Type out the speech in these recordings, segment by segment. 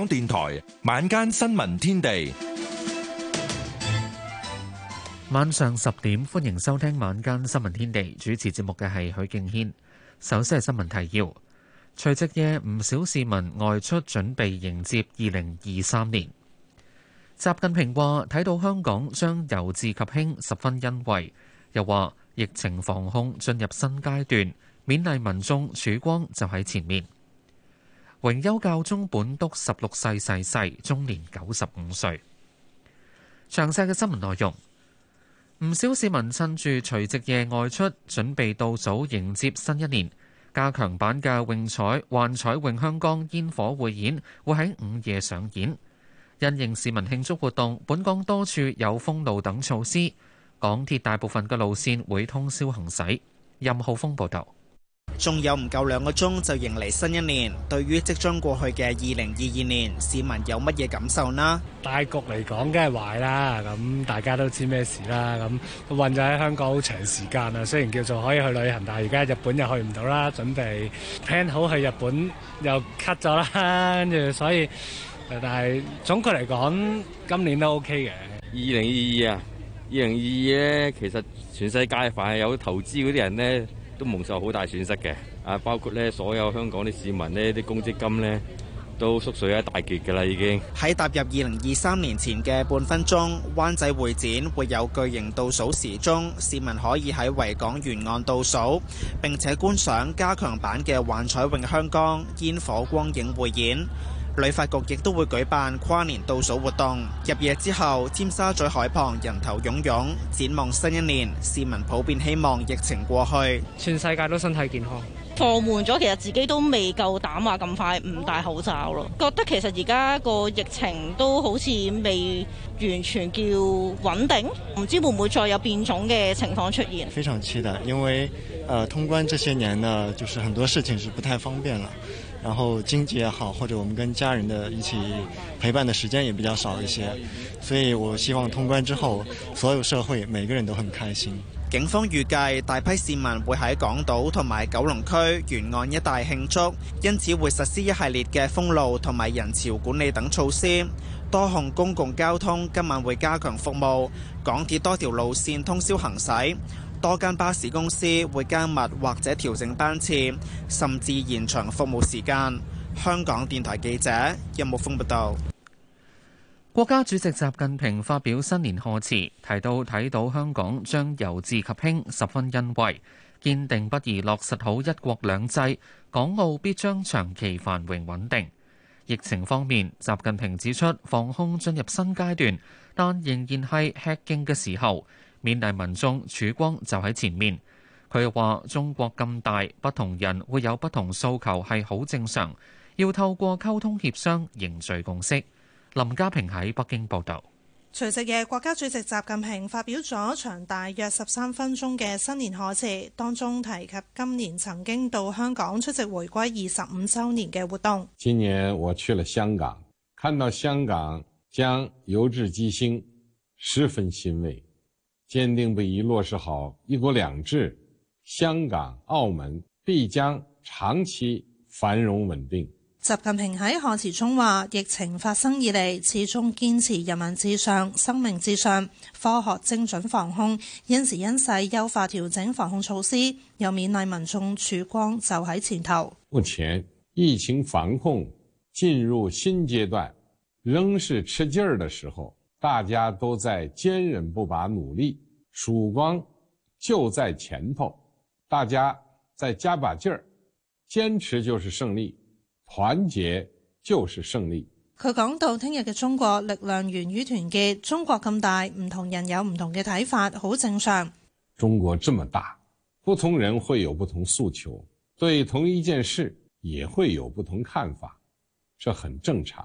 香港電台晚間新聞天地，晚上十點歡迎收聽晚間新聞天地。主持節目嘅係許敬軒。首先係新聞提要。除夕夜唔少市民外出準備迎接二零二三年。習近平話睇到香港將由治及興，十分欣慰。又話疫情防控進入新階段，勉勵民眾曙光就喺前面。榮休教宗本篤十六世逝世，世，終年九十五歲。詳細嘅新聞內容，唔少市民趁住除夕夜外出，準備到早迎接新一年。加強版嘅泳彩幻彩詠香江煙火匯演會喺午夜上演。因應市民慶祝活動，本港多處有封路等措施。港鐵大部分嘅路線會通宵行駛。任浩峰報導。仲有唔夠兩個鐘就迎嚟新一年，對於即將過去嘅二零二二年，市民有乜嘢感受呢？大局嚟講梗係壞啦，咁大家都知咩事啦。咁運就喺香港好長時間啦。雖然叫做可以去旅行，但係而家日本又去唔到啦。準備 plan 好去日本又 cut 咗啦，跟住所以，但係總括嚟講，今年都 OK 嘅。二零二二啊，二零二二咧，其實全世界凡係有投資嗰啲人咧。都蒙受好大損失嘅，啊，包括呢所有香港啲市民呢啲公積金呢都縮水一大截嘅啦，已經。喺踏入二零二三年前嘅半分鐘，灣仔會展會有巨型倒數時鐘，市民可以喺維港沿岸倒數，並且觀賞加強版嘅幻彩詠香江煙火光影匯演。旅發局亦都會舉辦跨年倒數活動。入夜之後，尖沙咀海旁人頭湧湧，展望新一年，市民普遍希望疫情過去，全世界都身體健康。放緩咗，其實自己都未夠膽話咁快唔戴口罩咯。覺得其實而家個疫情都好似未完全叫穩定，唔知會唔會再有變種嘅情況出現。非常期待，因為，呃，通關這些年呢，就是很多事情是不太方便了。然後經濟也好，或者我們跟家人的一起陪伴的時間也比較少一些，所以我希望通關之後，所有社會每個人都很開心。警方預計大批市民會喺港島同埋九龍區沿岸一帶慶祝，因此會實施一系列嘅封路同埋人潮管理等措施。多項公共交通今晚會加強服務，港鐵多條路線通宵行駛。多間巴士公司會加密或者調整班次，甚至延長服務時間。香港電台記者任木豐報道。國家主席習近平發表新年賀詞，提到睇到香港將由治及興，十分欣慰，堅定不移落實好一國兩制，港澳必將長期繁榮穩定。疫情方面，習近平指出，防控進入新階段，但仍然係吃勁嘅時候。勉勵民眾，曙光就喺前面。佢話：中國咁大，不同人會有不同訴求係好正常，要透過溝通協商凝聚共識。林家平喺北京報導。除夕夜，國家主席習近平發表咗長大約十三分鐘嘅新年賀詞，當中提及今年曾經到香港出席回歸二十五週年嘅活動。今年我去了香港，看到香港將由治及興，十分欣慰。堅定不移落實好“一國兩制”，香港、澳門必將長期繁榮穩定。習近平喺賀詞中話：“疫情發生以嚟，始終堅持人民至上、生命至上，科學精準防控，因時因勢優化調整防控措施，又勉勵民眾曙光就喺前頭。”目前疫情防控進入新階段，仍是吃勁兒的時候。大家都在堅韌不拔努力，曙光就在前頭。大家再加把勁兒，堅持就是勝利，團結就是勝利。佢講到聽日嘅中國力量源於團結，中國咁大，唔同人有唔同嘅睇法，好正常。中國這麼大，不同人會有不同訴求，對同一件事也會有不同看法，這很正常。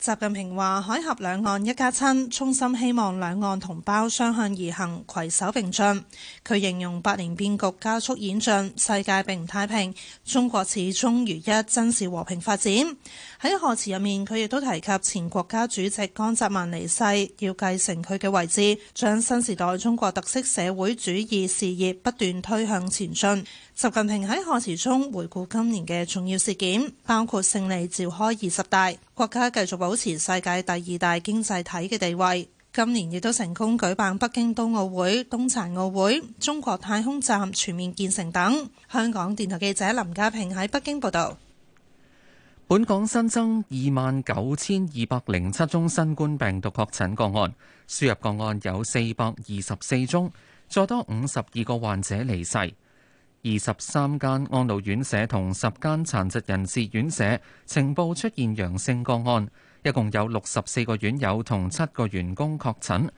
習近平話：海峽兩岸一家親，衷心希望兩岸同胞相向而行，攜手並進。佢形容百年變局加速演進，世界並唔太平，中國始終如一，真是和平發展。喺賀詞入面，佢亦都提及前國家主席江澤民離世，要繼承佢嘅位置，將新時代中國特色社會主義事業不斷推向前進。習近平喺賀詞中回顧今年嘅重要事件，包括勝利召開二十大，國家繼續保持世界第二大經濟體嘅地位。今年亦都成功舉辦北京冬奧會、冬殘奧會，中國太空站全面建成等。香港電台記者林家平喺北京報道。本港新增二萬九千二百零七宗新冠病毒確診個案，輸入個案有四百二十四宗，再多五十二個患者離世。二十三間安老院舍同十間殘疾人士院舍情報出現陽性個案，一共有六十四個院友同七個員工確診。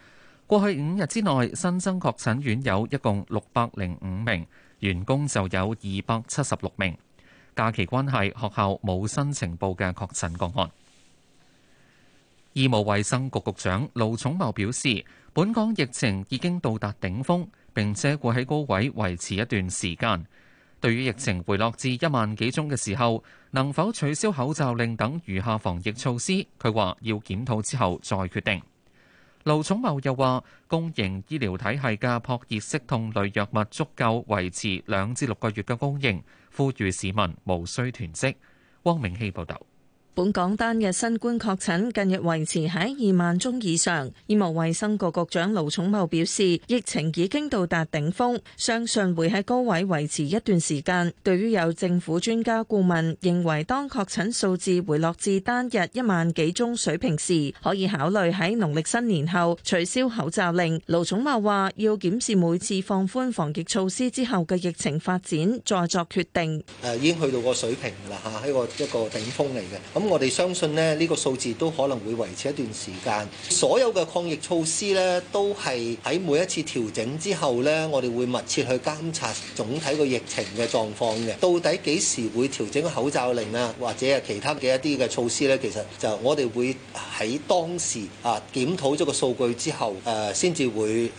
過去五日之內新增確診院友一共六百零五名，員工就有二百七十六名。假期關係，學校冇新情報嘅確診個案。醫務衛生局局長盧寵茂表示，本港疫情已經到達頂峰。並且會喺高位維持一段時間。對於疫情回落至一萬幾宗嘅時候，能否取消口罩令等餘下防疫措施？佢話要檢討之後再決定。盧寵茂又話，公營醫療體系嘅撲熱息痛類藥物足夠維持兩至六個月嘅供應，呼籲市民無需囤積。汪明希報導。本港單日新冠確診近日維持喺二萬宗以上，醫務衛生局局長盧寵茂表示，疫情已經到達頂峯，相信會喺高位維持一段時間，對於有政府專家顧問認為，當確診數字回落至單日一萬幾宗水平時，可以考慮喺農曆新年後取消口罩令。盧寵茂話，要檢視每次放寬防疫措施之後嘅疫情發展，再作決定。誒已經去到個水平啦，吓，一個一個頂峯嚟嘅。咁我哋相信咧，呢個數字都可能會維持一段時間，所有嘅抗疫措施咧，都係喺每一次調整之後咧，我哋會密切去監察總體個疫情嘅狀況嘅。到底幾時會調整口罩令啊，或者係其他嘅一啲嘅措施咧？其實就我哋會喺當時啊檢討咗個數據之後誒先至會誒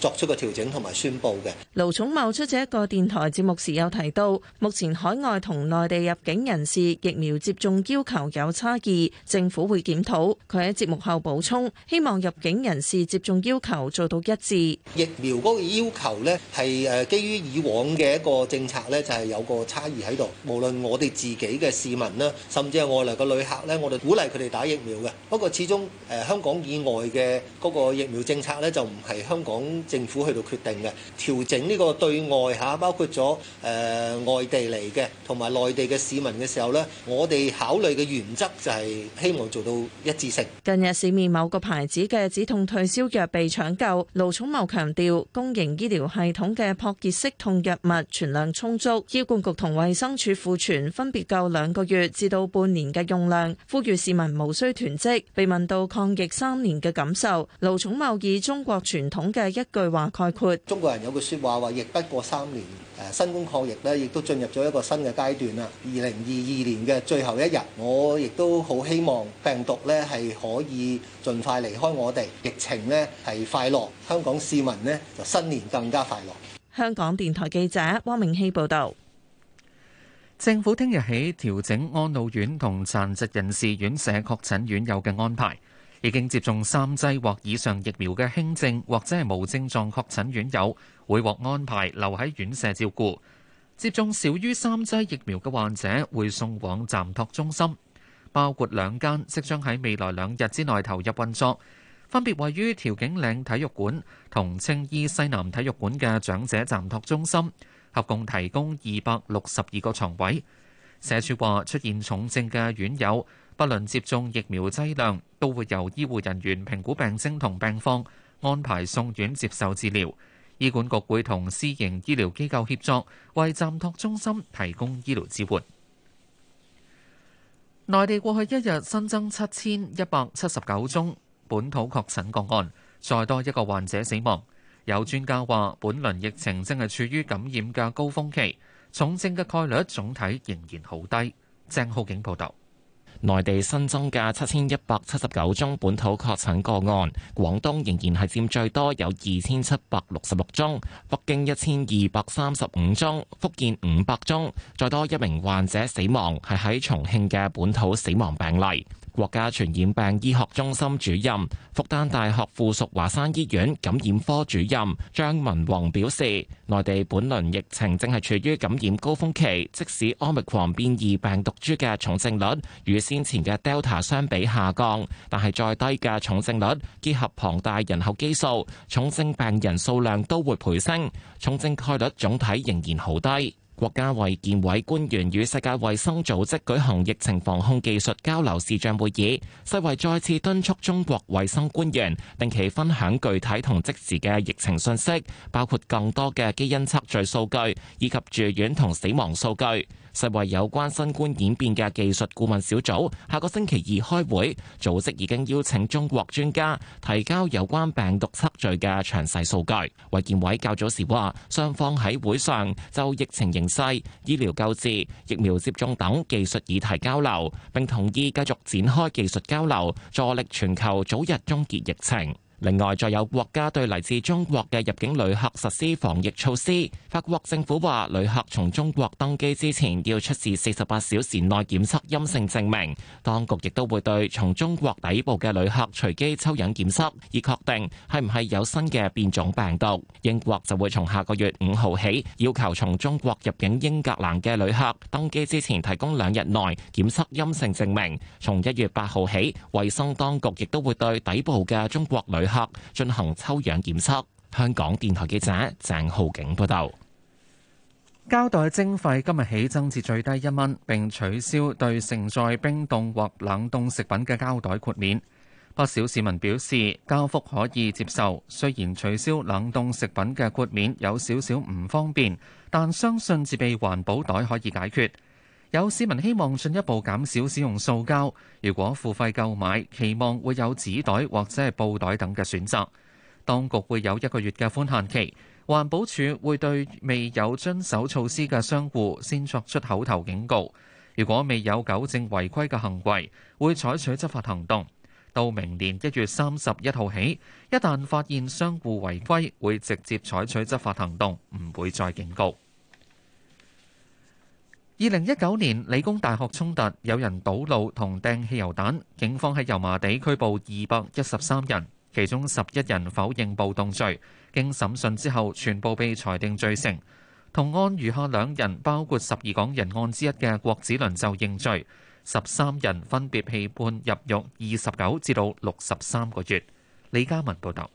作出個調整同埋宣布嘅。盧寵茂出席一個電台節目時有提到，目前海外同內地入境人士疫苗接種要求。有差異，政府會檢討。佢喺節目後補充，希望入境人士接種要求做到一致。疫苗嗰個要求咧，係誒基於以往嘅一個政策咧，就係有個差異喺度。無論我哋自己嘅市民啦，甚至係外來嘅旅客咧，我哋鼓勵佢哋打疫苗嘅。不過始終誒香港以外嘅嗰個疫苗政策咧，就唔係香港政府去到決定嘅。調整呢個對外吓，包括咗誒、呃、外地嚟嘅同埋內地嘅市民嘅時候咧，我哋考慮嘅。原則就係希望做到一致性。近日市面某個牌子嘅止痛退燒藥被搶購。盧寵茂強調，公營醫療系統嘅撲熱息痛藥物存量充足，醫管局同衛生署庫存分別夠兩個月至到半年嘅用量，呼籲市民無需囤積。被問到抗疫三年嘅感受，盧寵茂以中國傳統嘅一句話概括：中國人有句説話話，疫不過三年。新冠抗疫呢，亦都進入咗一個新嘅階段啦。二零二二年嘅最後一日，我亦都好希望病毒呢，係可以盡快離開我哋，疫情呢，係快樂香港市民呢，就新年更加快樂。香港電台記者汪明熙報道。政府聽日起調整安老院同殘疾人士院舍確診院友嘅安排，已經接種三劑或以上疫苗嘅輕症或者係無症狀確診院友。會獲安排留喺院舍照顧，接種少於三劑疫苗嘅患者會送往暫托中心，包括兩間即將喺未來兩日之內投入運作，分別位於調景嶺體育館同青衣西南體育館嘅長者暫托中心，合共提供二百六十二個牀位。社署話出現重症嘅院友，不論接種疫苗劑量，都會由醫護人員評估病徵同病況，安排送院接受治療。醫管局會同私營醫療機構協作，為暫托中心提供醫療支援。內地過去一日新增七千一百七十九宗本土確診個案，再多一個患者死亡。有專家話，本輪疫情正係處於感染嘅高峰期，重症嘅概率總體仍然好低。鄭浩景報道。內地新增嘅七千一百七十九宗本土確診個案，廣東仍然係佔最多，有二千七百六十六宗，北京一千二百三十五宗，福建五百宗，再多一名患者死亡，係喺重慶嘅本土死亡病例。國家傳染病醫學中心主任、復旦大學附屬華山醫院感染科主任張文宏表示，內地本輪疫情正係處於感染高峰期，即使奧密克戎變異病毒株嘅重症率與先前嘅 Delta 相比下降，但係再低嘅重症率，結合龐大人口基數，重症病人數量都會倍升，重症概率總體仍然好低。國家衛健委官員與世界衛生組織舉行疫情防控技術交流視像會議，世衞再次敦促中國衛生官員定期分享具體同即時嘅疫情信息，包括更多嘅基因測序數據以及住院同死亡數據。世衛有關新冠演變嘅技術顧問小組下個星期二開會，組織已經邀請中國專家提交有關病毒測序嘅詳細數據。衛健委較早時話，雙方喺會上就疫情形勢、醫療救治、疫苗接種等技術議題交流，並同意繼續展開技術交流，助力全球早日終結疫情。另外，再有國家對嚟自中國嘅入境旅客實施防疫措施。法國政府話，旅客從中國登機之前要出示四十八小時內檢測陰性證明。當局亦都會對從中國抵埗嘅旅客隨機抽樣檢測，以確定係唔係有新嘅變種病毒。英國就會從下個月五號起，要求從中國入境英格蘭嘅旅客登機之前提供兩日內檢測陰性證明。從一月八號起，衛生當局亦都會對抵埗嘅中國旅旅客進行抽樣檢測。香港電台記者鄭浩景報道，膠袋徵費今日起增至最低一蚊，並取消對盛載冰凍或冷凍食品嘅膠袋豁免。不少市民表示，加幅可以接受，雖然取消冷凍食品嘅豁免有少少唔方便，但相信自備環保袋可以解決。有市民希望進一步減少使用塑膠，如果付費購買，期望會有紙袋或者布袋等嘅選擇。當局會有一個月嘅寬限期，環保署會對未有遵守措施嘅商戶先作出口頭警告，如果未有糾正違規嘅行為，會採取執法行動。到明年一月三十一號起，一旦發現商戶違規，會直接採取執法行動，唔會再警告。二零一九年理工大學衝突，有人堵路同掟汽油彈，警方喺油麻地拘捕二百一十三人，其中十一人否認暴動罪，經審訊之後，全部被裁定罪成。同案餘下兩人，包括十二港人案之一嘅郭子倫，就認罪。十三人分別被判入獄二十九至到六十三個月。李嘉文報道。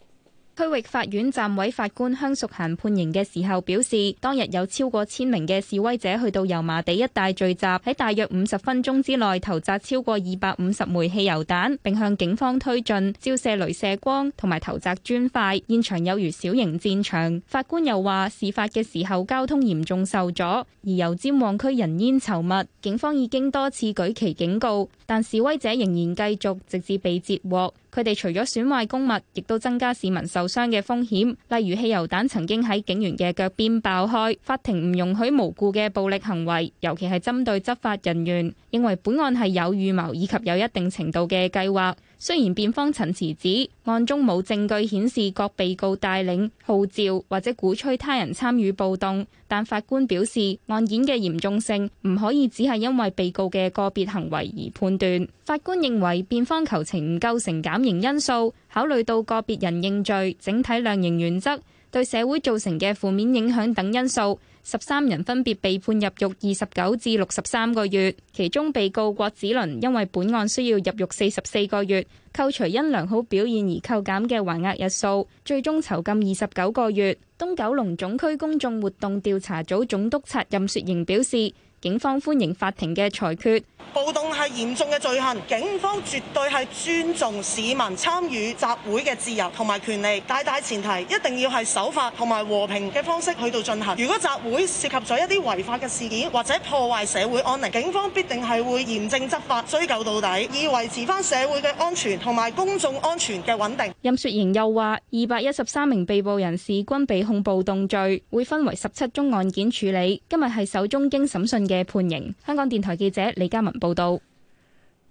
區域法院暫委法官香淑嫻判刑嘅時候表示，當日有超過千名嘅示威者去到油麻地一帶聚集，喺大約五十分鐘之內投擲超過二百五十枚汽油彈，並向警方推進，照射雷射光同埋投擲磚塊，現場有如小型戰場。法官又話，事發嘅時候交通嚴重受阻，而油尖旺區人煙稠密，警方已經多次舉旗警告，但示威者仍然繼續，直至被截獲。佢哋除咗損壞公物，亦都增加市民受傷嘅風險，例如汽油彈曾經喺警員嘅腳邊爆開，法庭唔容許無故嘅暴力行為，尤其係針對執法人員，認為本案係有預謀以及有一定程度嘅計劃。雖然辯方陳詞指案中冇證據顯示各被告帶領號召或者鼓吹他人參與暴動，但法官表示，案件嘅嚴重性唔可以只係因為被告嘅個別行為而判斷。法官認為辯方求情唔構成減刑因素，考慮到個別人認罪、整體量刑原則、對社會造成嘅負面影響等因素。十三人分別被判入獄二十九至六十三個月，其中被告郭子倫因為本案需要入獄四十四個月，扣除因良好表現而扣減嘅還押日數，最終囚禁二十九個月。東九龍總區公眾活動調查組總督察任雪瑩表示。警方歡迎法庭嘅裁決。暴動係嚴重嘅罪行，警方絕對係尊重市民參與集會嘅自由同埋權利，大大前提一定要係守法同埋和平嘅方式去到進行。如果集會涉及咗一啲違法嘅事件或者破壞社會安寧，警方必定係會嚴正執法，追究到底，以維持返社會嘅安全同埋公眾安全嘅穩定。任雪瑩又話：二百一十三名被捕人士均被控暴動罪，會分為十七宗案件處理。今日係首宗經審訊嘅判刑。香港電台記者李嘉文報道。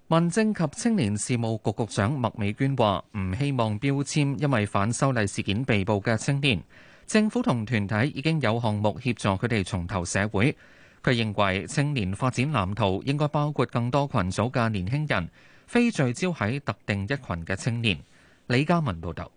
民政及青年事務局局長麥美娟話：唔希望標籤，因為反修例事件被捕嘅青年，政府同團體已經有項目協助佢哋重投社會。佢認為青年發展藍圖應該包括更多群組嘅年輕人，非聚焦喺特定一群嘅青年。李嘉文報道。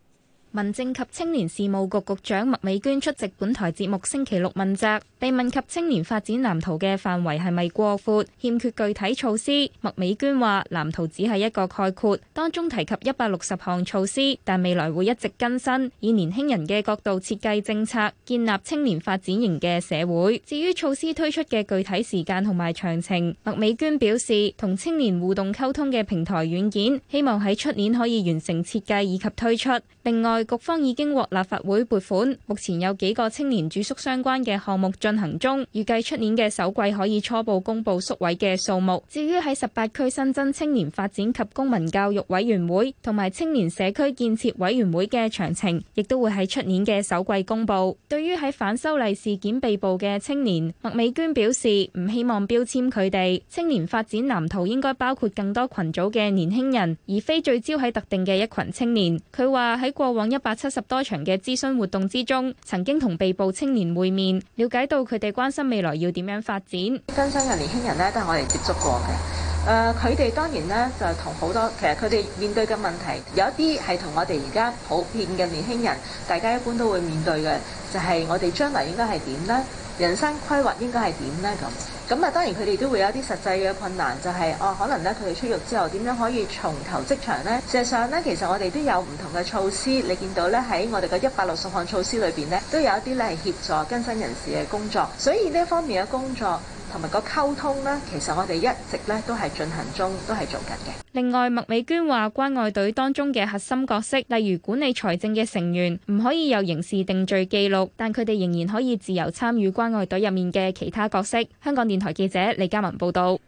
民政及青年事務局局長麥美娟出席本台節目星期六問責，被問及青年發展藍圖嘅範圍係咪過闊、欠缺具體措施。麥美娟話：藍圖只係一個概括，當中提及一百六十項措施，但未來會一直更新，以年輕人嘅角度設計政策，建立青年發展型嘅社會。至於措施推出嘅具體時間同埋詳情，麥美娟表示：同青年互動溝通嘅平台軟件，希望喺出年可以完成設計以及推出。另外，局方已經獲立法會撥款，目前有幾個青年住宿相關嘅項目進行中，預計出年嘅首季可以初步公布宿位嘅數目。至於喺十八區新增青年發展及公民教育委員會同埋青年社區建設委員會嘅詳情，亦都會喺出年嘅首季公布。對於喺反修例事件被捕嘅青年，麥美娟表示唔希望標籤佢哋。青年發展藍圖應該包括更多群組嘅年輕人，而非聚焦喺特定嘅一群青年。佢話喺過往，一百七十多場嘅諮詢活動之中，曾經同被捕青年會面，了解到佢哋關心未來要點樣發展。新生嘅年輕人咧，都係我哋接觸過嘅。誒，佢哋、呃、當然咧，就同好多其實佢哋面對嘅問題，有一啲係同我哋而家普遍嘅年輕人，大家一般都會面對嘅，就係、是、我哋將來應該係點咧？人生規劃應該係點咧？咁咁啊，當然佢哋都會有一啲實際嘅困難，就係、是、哦，可能咧佢哋出獄之後點樣可以重投職場咧？事實上咧，其實我哋都有唔同嘅措施，你見到咧喺我哋嘅一百六十項措施裏邊咧，都有一啲咧係協助更新人士嘅工作，所以呢方面嘅工作。同埋個溝通呢，其實我哋一直咧都係進行中，都係做緊嘅。另外，麥美娟話關愛隊當中嘅核心角色，例如管理財政嘅成員，唔可以有刑事定罪記錄，但佢哋仍然可以自由參與關愛隊入面嘅其他角色。香港電台記者李嘉文報道。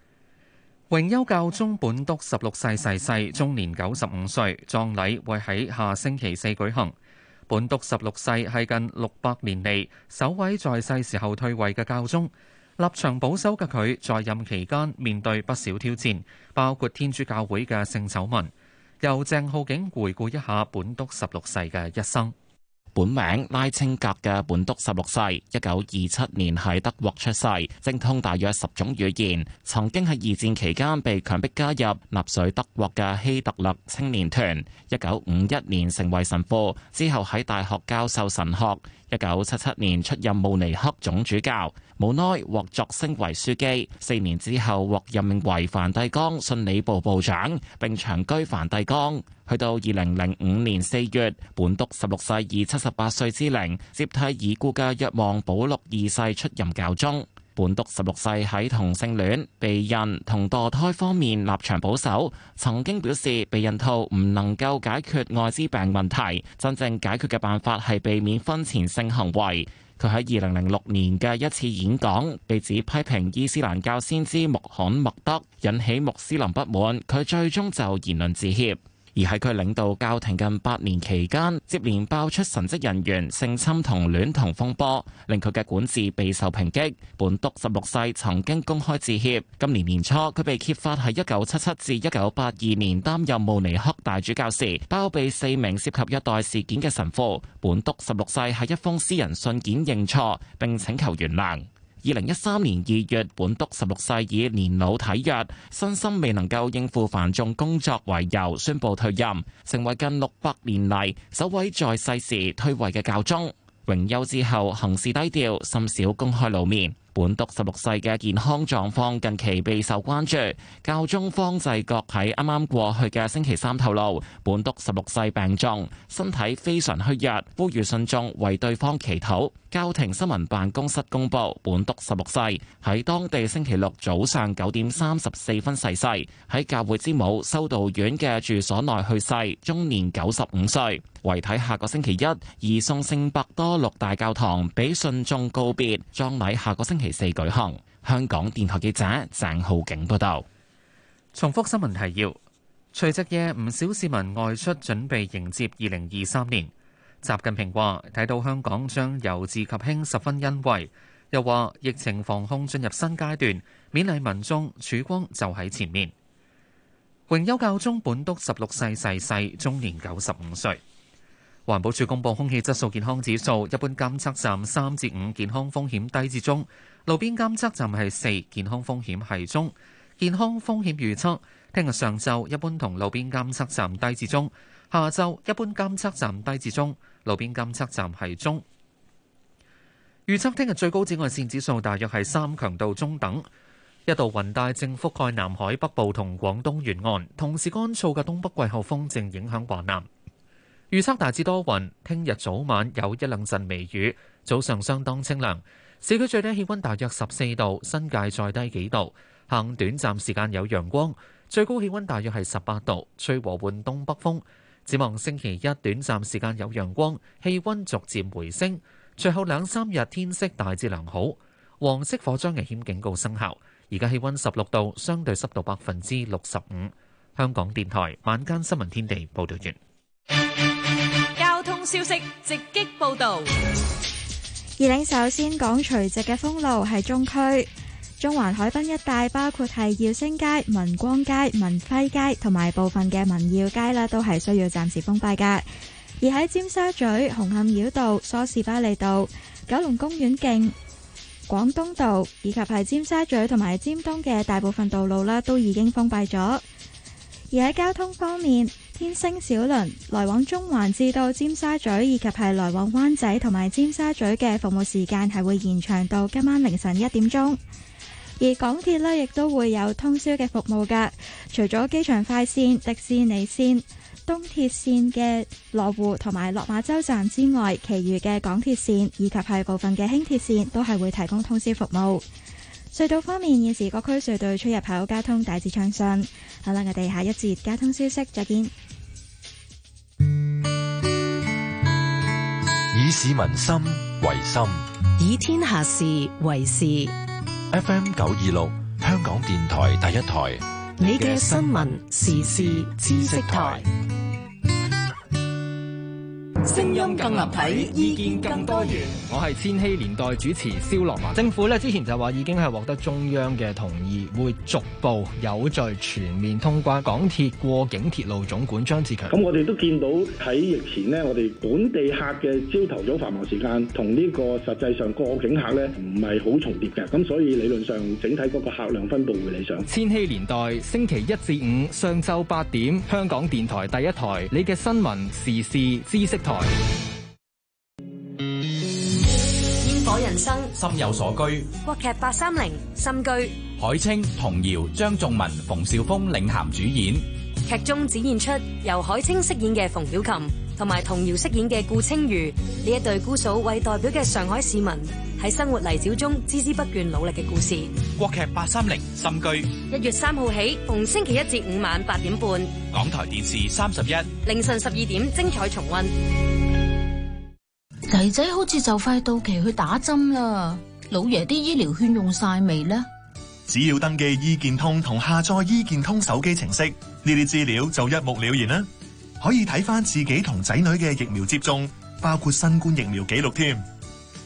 榮休教宗本篤十六世逝世，終年九十五歲，葬禮會喺下星期四舉行。本篤十六世係近六百年嚟首位在世時候退位嘅教宗。立場保守嘅佢，在任期間面對不少挑戰，包括天主教會嘅性醜聞。由鄭浩景回顧一下本篤十六世嘅一生。本名拉青格嘅本篤十六世，一九二七年喺德國出世，精通大約十種語言，曾經喺二戰期間被強逼加入納粹德國嘅希特勒青年團。一九五一年成為神父，之後喺大學教授神學。一九七七年出任慕尼黑總主教，冇耐獲擢升為樞機，四年之後獲任命為梵蒂岡信理部部長，並長居梵蒂岡。去到二零零五年四月，本篤十六世二七十八歲之齡接替已故嘅約望保祿二世出任教宗。本篤十六世喺同性戀、避孕同墮胎方面立場保守，曾經表示避孕套唔能夠解決艾滋病問題，真正解決嘅辦法係避免婚前性行為。佢喺二零零六年嘅一次演講被指批評伊斯蘭教先知穆罕默德，引起穆斯林不滿。佢最終就言論致歉。而喺佢領導教廷近八年期間，接連爆出神職人員性侵同戀童風波，令佢嘅管治備受抨擊。本篤十六世曾經公開致歉。今年年初，佢被揭發喺一九七七至一九八二年擔任慕尼黑大主教時，包庇四名涉及虐待事件嘅神父。本篤十六世喺一封私人信件認錯並請求原諒。二零一三年二月，本篤十六世以年老體弱、身心未能夠應付繁重工作為由，宣布退任，成為近六百年嚟首位在世時退位嘅教宗。榮休之後，行事低調，甚少公開露面。本篤十六世嘅健康狀況近期備受關注。教宗方濟各喺啱啱過去嘅星期三透露，本篤十六世病重，身體非常虛弱，呼籲信眾為對方祈禱。教廷新聞辦公室公佈，本篤十六世喺當地星期六早上九點三十四分逝世，喺教會之母修道院嘅住所內去世，終年九十五歲。遺體下個星期一移送聖伯多祿大教堂俾信眾告別，葬禮下個星期其四舉行，香港電台記者鄭浩景報道。重複新聞提要：除夕夜唔少市民外出準備迎接二零二三年。習近平話睇到香港將由治及興十分欣慰，又話疫情防控進入新階段，勉勵民眾曙光就喺前面。榮休教宗本篤十六世逝世,世，終年九十五歲。環保署公布空氣質素健康指數，一般監測站三至五，健康風險低至中。路邊監測站係四，健康風險係中。健康風險預測聽日上晝一般同路邊監測站低至中，下晝一般監測站低至中，路邊監測站係中。預測聽日最高紫外線指數大約係三，強度中等。一度雲帶正覆蓋南海北部同廣東沿岸，同時乾燥嘅東北季候風正影響華南。預測大致多雲，聽日早晚有一兩陣微雨，早上相當清涼。市區最低氣溫大約十四度，新界再低幾度。下午短暫時間有陽光，最高氣溫大約係十八度，吹和緩東北風。展望星期一短暫時間有陽光，氣溫逐漸回升。最後兩三日天色大致良好。黃色火災危險警告生效，而家氣溫十六度，相對濕度百分之六十五。香港電台晚間新聞天地報道完。交通消息直擊報道。二領首先講垂直嘅封路係中區、中環海濱一帶，包括係耀星街、民光街、民輝街同埋部分嘅民耀街都係需要暫時封閉噶。而喺尖沙咀、紅磡繞道、梳士巴利道、九龍公園徑、廣東道以及係尖沙咀同埋尖東嘅大部分道路都已經封閉咗。而喺交通方面。天星小輪來往中環至到尖沙咀以及係來往灣仔同埋尖沙咀嘅服務時間係會延長到今晚凌晨一點鐘，而港鐵呢，亦都會有通宵嘅服務㗎。除咗機場快線、迪士尼線、東鐵線嘅羅湖同埋落馬洲站之外，其餘嘅港鐵線以及係部分嘅輕鐵線都係會提供通宵服務。隧道方面，現時各區隧道出入口交通大致暢順。好啦，我哋下一節交通消息再見。以市民心為心，以天下事為事。FM 九二六，香港電台第一台，你嘅新聞時事知識台。聲音更立體，意見更多元。我係千禧年代主持蕭樂文。政府呢之前就話已經係獲得中央嘅同意，會逐步有序全面通關。港鐵過境鐵路總管張志強咁我哋都見到喺疫前呢，我哋本地客嘅朝頭早繁忙時間同呢個實際上過境客呢，唔係好重疊嘅，咁所以理論上整體嗰個客量分布會理想。千禧年代星期一至五上晝八點，香港電台第一台，你嘅新聞時事知識台。煙火人生，心有所居。國劇八三零，新居，海清、童瑤、張頌文、馮紹峰領銜主演。劇中展現出由海清飾演嘅馮曉琴。同埋童瑤飾演嘅顧清瑜呢一對姑嫂為代表嘅上海市民喺生活泥沼中孜孜不倦努力嘅故事。國劇八三零新居，一月三號起，逢星期一至五晚八點半，港台電視三十一，凌晨十二點精彩重温。仔仔好似就快到期去打針啦，老爺啲醫療券用晒未呢？只要登記醫健通同下載醫健通手機程式，呢啲資料就一目了然啦。可以睇翻自己同仔女嘅疫苗接種，包括新冠疫苗記錄添。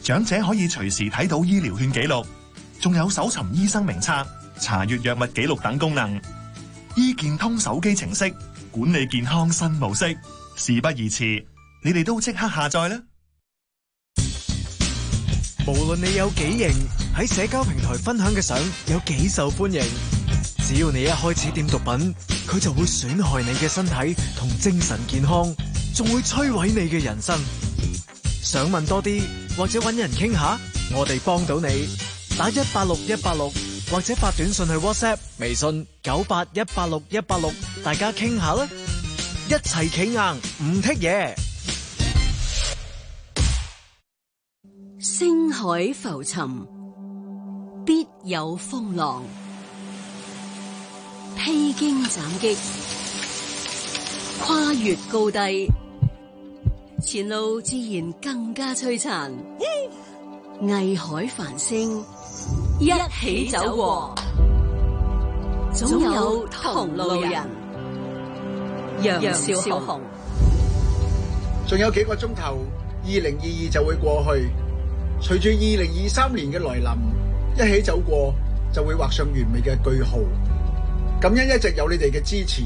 長者可以隨時睇到醫療券記錄，仲有搜尋醫生名冊、查閱藥物記錄等功能。醫健通手機程式管理健康新模式，事不宜遲，你哋都即刻下載啦！無論你有幾型喺社交平台分享嘅相，有幾受歡迎。只要你一開始掂毒品，佢就會損害你嘅身體同精神健康，仲會摧毀你嘅人生。想問多啲或者搵人傾下，我哋幫到你。打一八六一八六或者發短信去 WhatsApp、微信九八一八六一八六，6，大家傾下啦，一齊企硬，唔踢嘢。星海浮沉，必有風浪。披荊斬棘，跨越高低，前路自然更加璀璨。藝 海繁星一，一起走過，總有同路人。楊少紅仲有幾個鐘頭，二零二二就會過去。隨住二零二三年嘅來臨，一起走過就會畫上完美嘅句號。感恩一直有你哋嘅支持。